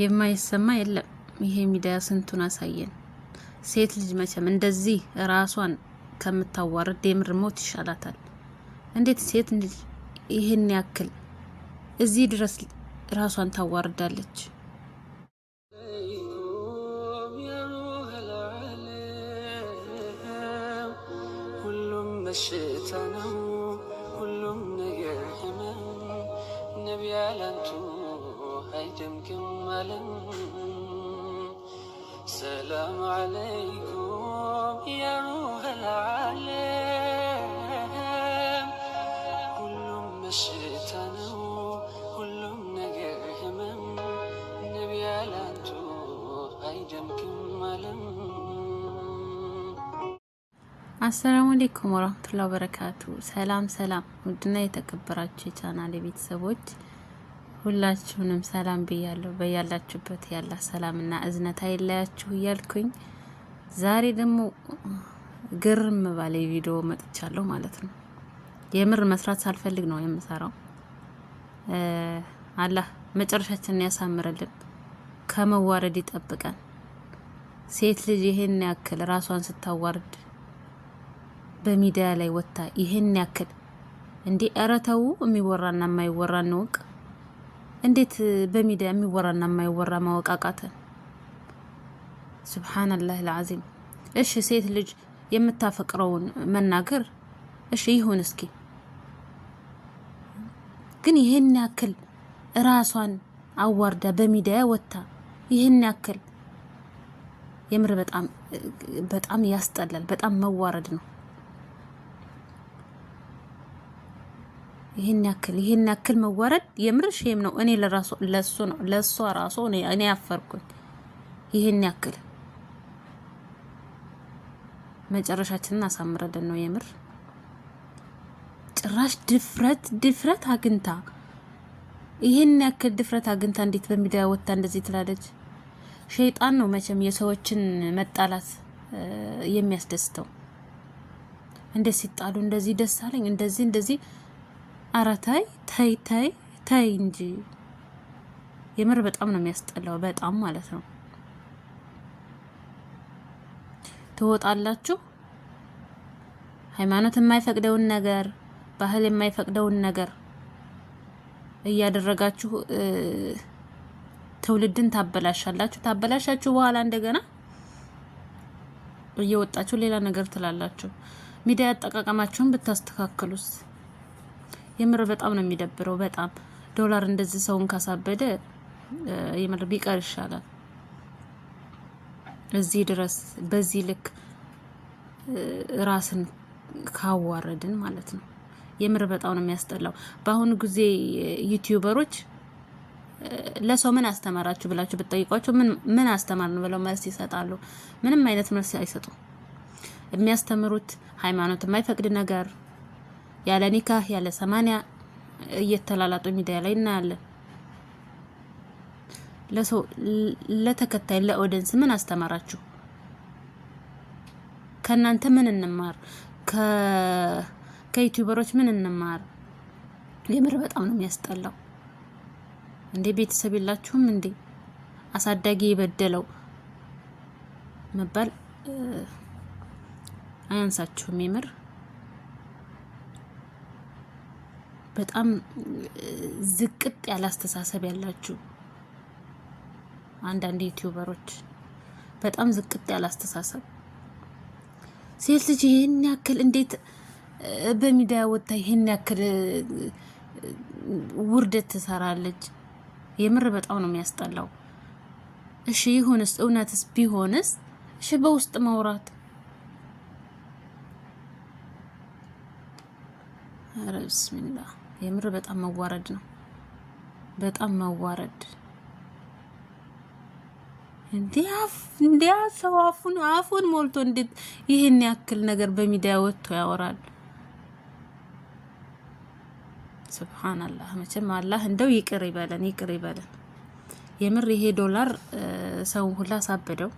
የማይሰማ የለም። ይሄ ሚዲያ ስንቱን አሳየን። ሴት ልጅ መቼም እንደዚህ ራሷን ከምታዋርድ የምር ሞት ይሻላታል። እንዴት ሴት ልጅ ይህን ያክል እዚህ ድረስ ራሷን ታዋርዳለች? ሁሉም ነው፣ ሁሉም ነገር ህመም ነቢያ ጀምግማለን። ሰላም ዓለይኩም ያ ሁሉም በሽታ ነው፣ ሁሉም ነገር ህመም። ነቢ ያላንቱ አሰላሙ አለይኩም ወራህመቱላሂ ወበረካቱ። ሰላም ሰላም! ውድና የተከበራችሁ የቻናሌ ቤተሰቦች ሁላችሁንም ሰላም ብያለሁ። በያላችሁበት ያላ ሰላምና እዝነት አይለያችሁ እያልኩኝ ዛሬ ደግሞ ግርም ባለ ቪዲዮ መጥቻለሁ ማለት ነው። የምር መስራት ሳልፈልግ ነው የምሰራው። አላህ መጨረሻችንን ያሳምርልን፣ ከመዋረድ ይጠብቀን። ሴት ልጅ ይህን ያክል ራሷን ስታዋርድ በሚዲያ ላይ ወጥታ ይህን ያክል እንዲህ ኧረ ተው፣ የሚወራና የማይወራ እንወቅ። እንዴት በሚዲያ የሚወራና የማይወራ ማወቃቃት ስብሓንላህ ልዓዚም። እሺ ሴት ልጅ የምታፈቅረውን መናገር እሺ ይሁን እስኪ፣ ግን ይህን ያክል ራሷን አዋርዳ በሚዲያ ወጥታ ይህን ያክል የምር በጣም በጣም ያስጠላል። በጣም መዋረድ ነው። ይህን ያክል ይህን ያክል መዋረድ የምር ሼም ነው። እኔ ለራሱ ለሱ ነው ለሷ ራሱ እኔ ያፈርኩኝ ይህን ያክል መጨረሻችንን አሳምረደን ነው የምር። ጭራሽ ድፍረት ድፍረት አግኝታ ይህን ያክል ድፍረት አግኝታ እንዴት በሚዲያ ወጥታ እንደዚህ ትላለች? ሸይጣን ነው መቼም የሰዎችን መጣላት የሚያስደስተው። እንዴት ሲጣሉ እንደዚህ ደስ አለኝ እንደዚህ እንደዚህ አረ ተይ ተይ ተይ ተይ እንጂ የምር በጣም ነው የሚያስጠላው። በጣም ማለት ነው። ትወጣላችሁ ሃይማኖት የማይፈቅደውን ነገር፣ ባህል የማይፈቅደውን ነገር እያደረጋችሁ ትውልድን ታበላሻላችሁ። ታበላሻችሁ በኋላ እንደገና እየወጣችሁ ሌላ ነገር ትላላችሁ። ሚዲያ አጠቃቀማችሁን ብታስተካክሉስ? የምር በጣም ነው የሚደብረው። በጣም ዶላር እንደዚህ ሰውን ካሳበደ የምር ቢቀር ይሻላል። እዚህ ድረስ በዚህ ልክ ራስን ካዋረድን ማለት ነው። የምር በጣም ነው የሚያስጠላው። በአሁኑ ጊዜ ዩቲዩበሮች ለሰው ምን አስተማራችሁ ብላችሁ ብትጠይቋቸው ምን ምን አስተማርን ብለው መልስ ይሰጣሉ? ምንም አይነት መልስ አይሰጡም። የሚያስተምሩት ሃይማኖት የማይፈቅድ ነገር ያለ ኒካህ ያለ ሰማንያ እየተላላጡ ሚዲያ ላይ እናያለን። ለሰው ለተከታይ ለኦደንስ ምን አስተማራችሁ? ከእናንተ ምን እንማር? ከዩቲዩበሮች ምን እንማር? የምር በጣም ነው የሚያስጠላው። እንዴ ቤተሰብ የላችሁም እንዴ? አሳዳጊ የበደለው መባል አያንሳችሁም የምር በጣም ዝቅጥ ያለ አስተሳሰብ ያላችሁ አንዳንድ ዩቲዩበሮች በጣም ዝቅጥ ያለ አስተሳሰብ ሴት ልጅ ይህን ያክል እንዴት በሚዲያ ወጥታ ይህን ያክል ውርደት ትሰራለች? የምር በጣም ነው የሚያስጠላው። እሺ ይሁንስ፣ እውነትስ ቢሆንስ፣ እሺ በውስጥ ማውራት ረብስሚላ የምር በጣም መዋረድ ነው። በጣም መዋረድ እንዲያ ሰው አፉን አፉን ሞልቶ እንዴት ይህን ያክል ነገር በሚዲያ ወጥቶ ያወራል? ሱብሃንአላህ። መቼም አላህ እንደው ይቅር ይበለን፣ ይቅር ይበለን። የምር ይሄ ዶላር ሰው ሁላ ሳበደው።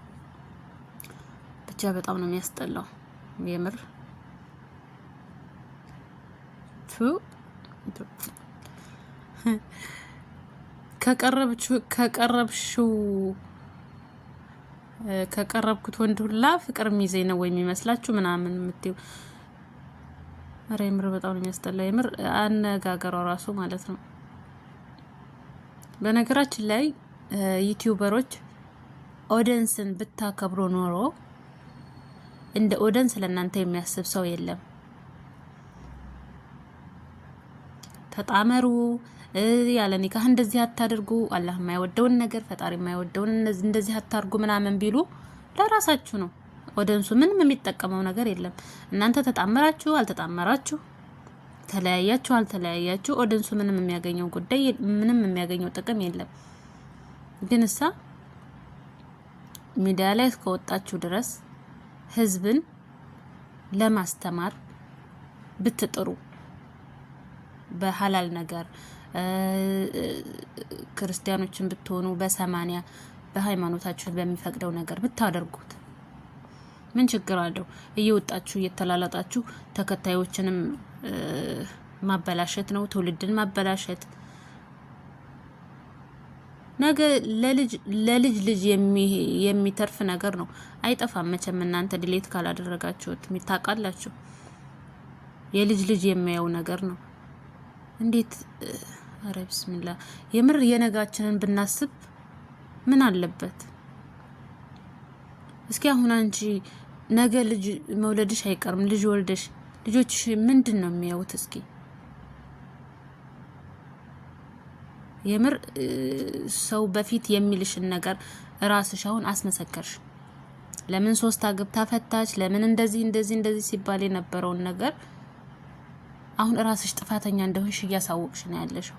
ብቻ በጣም ነው የሚያስጠላው የምር ከቀረብሽው ከቀረብኩት ወንድ ሁላ ፍቅር ሚዜ ነው ወይ የሚመስላችሁ ምናምን የምትይው ኧረ የምር በጣም ነው የሚያስጠላ። የምር አነጋገሯ ራሱ ማለት ነው። በነገራችን ላይ ዩቲዩበሮች ኦደንስን ብታከብሮ ኖሮ እንደ ኦደንስ ለእናንተ የሚያስብ ሰው የለም። ተጣመሩ፣ ያለ ኒካህ እንደዚህ አታድርጉ፣ አላህ የማይወደውን ነገር ፈጣሪ የማይወደውን እንደዚህ አታርጉ ምናምን ቢሉ ለራሳችሁ ነው። ወደንሱ ምንም የሚጠቀመው ነገር የለም። እናንተ ተጣመራችሁ አልተጣመራችሁ ተለያያችሁ አልተለያያችሁ ኦደንሱ ምንም የሚያገኘው ጉዳይ ምንም የሚያገኘው ጥቅም የለም። ግን እሳ ሚዲያ ላይ እስከወጣችሁ ድረስ ህዝብን ለማስተማር ብትጥሩ በሀላል ነገር ክርስቲያኖችን ብትሆኑ በሰማኒያ በሃይማኖታችሁ በሚፈቅደው ነገር ብታደርጉት ምን ችግር አለው? እየወጣችሁ እየተላላጣችሁ ተከታዮችንም ማበላሸት ነው፣ ትውልድን ማበላሸት። ነገ ለልጅ ለልጅ ልጅ የሚተርፍ ነገር ነው፣ አይጠፋም መቼም። እናንተ ድሌት ካላደረጋችሁት የሚታቃላችሁ የልጅ ልጅ የሚያየው ነገር ነው። እንዴት ኧረ ቢስሚላ የምር የነጋችንን ብናስብ ምን አለበት? እስኪ አሁን አንቺ ነገ ልጅ መውለድሽ አይቀርም። ልጅ ወልደሽ ልጆችሽ ምንድን ነው የሚያዩት? እስኪ የምር ሰው በፊት የሚልሽን ነገር ራስሽ አሁን አስመሰከርሽ። ለምን ሶስት አግብታ ፈታች፣ ለምን እንደዚህ እንደዚህ እንደዚህ ሲባል የነበረውን ነገር አሁን እራስሽ ጥፋተኛ እንደሆንሽ እያሳወቅሽ ነው ያለሽው።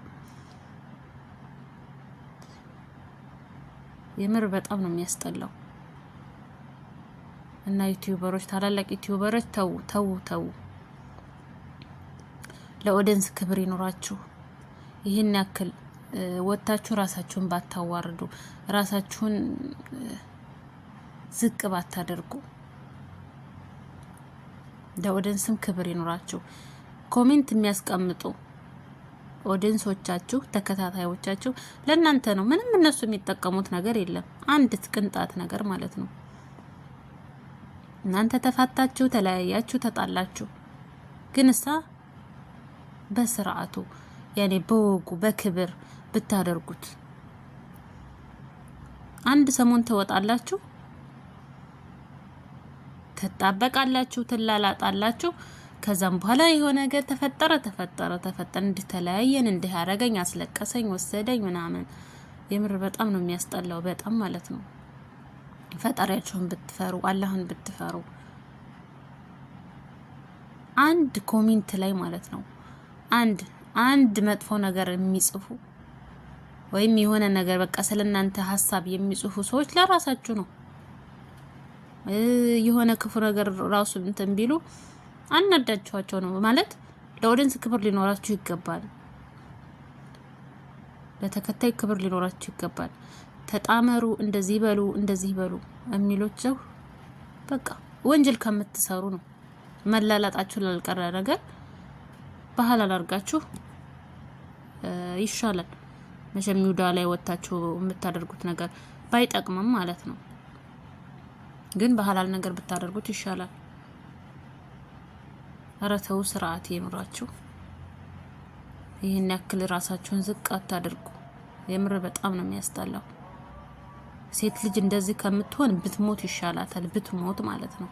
የምር በጣም ነው የሚያስጠላው። እና ዩቲዩበሮች፣ ታላላቅ ዩቲዩበሮች ተው ተው ተው፣ ለኦዲየንስ ክብር ይኖራችሁ። ይህን ያክል ወጥታችሁ ራሳችሁን ባታዋርዱ፣ ራሳችሁን ዝቅ ባታደርጉ፣ ለኦዲየንስም ክብር ይኖራችሁ። ኮሜንት የሚያስቀምጡ ኦዲንሶቻችሁ ተከታታዮቻችሁ ለእናንተ ነው። ምንም እነሱ የሚጠቀሙት ነገር የለም፣ አንድ ቅንጣት ነገር ማለት ነው። እናንተ ተፋታችሁ፣ ተለያያችሁ፣ ተጣላችሁ፣ ግን እሳ በስርዓቱ ያኔ በወጉ በክብር ብታደርጉት አንድ ሰሞን ትወጣላችሁ፣ ትጣበቃላችሁ፣ ትላላጣላችሁ። ከዛም በኋላ የሆነ ነገር ተፈጠረ ተፈጠረ ተፈጠረ እንድተለያየን እንዲህ ያረገኝ፣ አስለቀሰኝ፣ ወሰደኝ ምናምን። የምር በጣም ነው የሚያስጠላው፣ በጣም ማለት ነው። ፈጣሪያችሁን ብትፈሩ አላህን ብትፈሩ አንድ ኮሜንት ላይ ማለት ነው አንድ አንድ መጥፎ ነገር የሚጽፉ ወይም የሆነ ነገር በቃ ስለናንተ ሀሳብ የሚጽፉ ሰዎች ለራሳችሁ ነው። የሆነ ክፉ ነገር ራሱ እንትን ቢሉ አናዳችኋቸው ነው ማለት ለኦዲንስ ክብር ሊኖራችሁ ይገባል። ለተከታይ ክብር ሊኖራችሁ ይገባል። ተጣመሩ፣ እንደዚህ በሉ፣ እንደዚህ በሉ የሚሎች በቃ ወንጀል ከምትሰሩ ነው። መላላጣችሁ ላልቀረ ነገር ባህል አላርጋችሁ ይሻላል። መቼም ይሁዳ ላይ ወታችሁ የምታደርጉት ነገር ባይጠቅምም ማለት ነው። ግን በሀላል ነገር ብታደርጉት ይሻላል። ረተው ተው፣ ስርዓት ይኑራችሁ። ይህን ያክል ራሳችሁን ዝቅ አታድርጉ። የምር በጣም ነው የሚያስጠላው። ሴት ልጅ እንደዚህ ከምትሆን ብትሞት ይሻላታል፣ ብትሞት ማለት ነው።